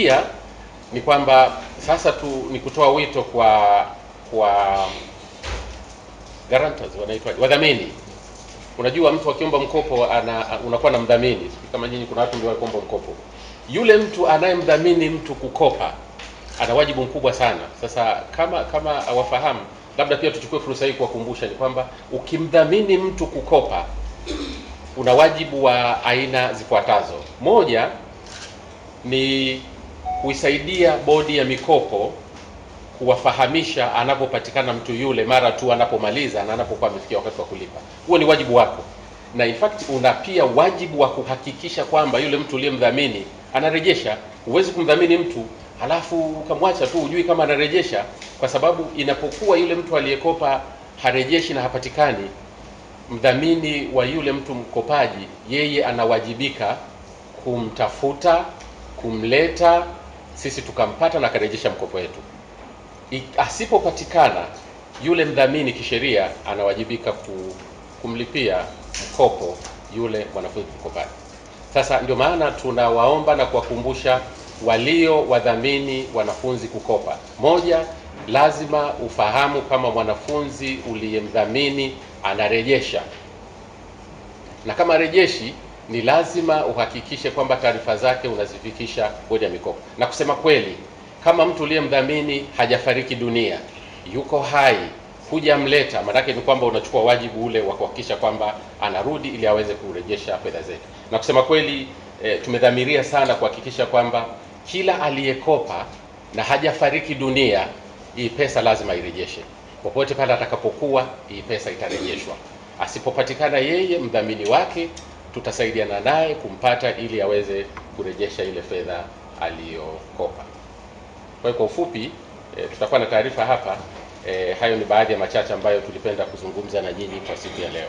Pia ni kwamba sasa tu ni kutoa wito kwa kwa guarantors wanaitwa wadhamini. Unajua, mtu akiomba mkopo ana, unakuwa na mdhamini. Kama nyinyi, kuna watu ndio wanaomba mkopo. Yule mtu anayemdhamini mtu kukopa ana wajibu mkubwa sana. Sasa kama kama awafahamu, labda pia tuchukue fursa hii kuwakumbusha ni kwamba ukimdhamini mtu kukopa una wajibu wa aina zifuatazo. Moja ni kuisaidia bodi ya mikopo kuwafahamisha anapopatikana mtu yule mara tu anapomaliza na anapokuwa amefikia wakati wa kulipa. Huo ni wajibu wako, na in fact una pia wajibu wa kuhakikisha kwamba yule mtu uliyemdhamini anarejesha. Huwezi kumdhamini mtu halafu ukamwacha tu ujui kama anarejesha, kwa sababu inapokuwa yule mtu aliyekopa harejeshi na hapatikani, mdhamini wa yule mtu mkopaji, yeye anawajibika kumtafuta, kumleta sisi tukampata na akarejesha mkopo wetu. Asipopatikana yule mdhamini kisheria anawajibika kumlipia mkopo yule mwanafunzi mkopaji. Sasa ndio maana tunawaomba na kuwakumbusha walio wadhamini wanafunzi kukopa. Moja, lazima ufahamu kama mwanafunzi uliyemdhamini anarejesha, na kama rejeshi ni lazima uhakikishe kwamba taarifa zake unazifikisha bodi ya mikopo. Na kusema kweli, kama mtu uliyemdhamini hajafariki dunia, yuko hai, hujamleta, maanake ni kwamba unachukua wajibu ule wa kuhakikisha kwamba anarudi ili aweze kurejesha fedha zetu. Na kusema kweli, e, tumedhamiria sana kuhakikisha kwamba kila aliyekopa na hajafariki dunia, hii pesa lazima irejeshe popote pale atakapokuwa, hii pesa itarejeshwa. Asipopatikana yeye mdhamini wake tutasaidiana naye kumpata ili aweze kurejesha ile fedha aliyokopa. Kwa hiyo kwa ufupi e, tutakuwa na taarifa hapa. E, hayo ni baadhi ya machache ambayo tulipenda kuzungumza na nyinyi kwa siku ya leo.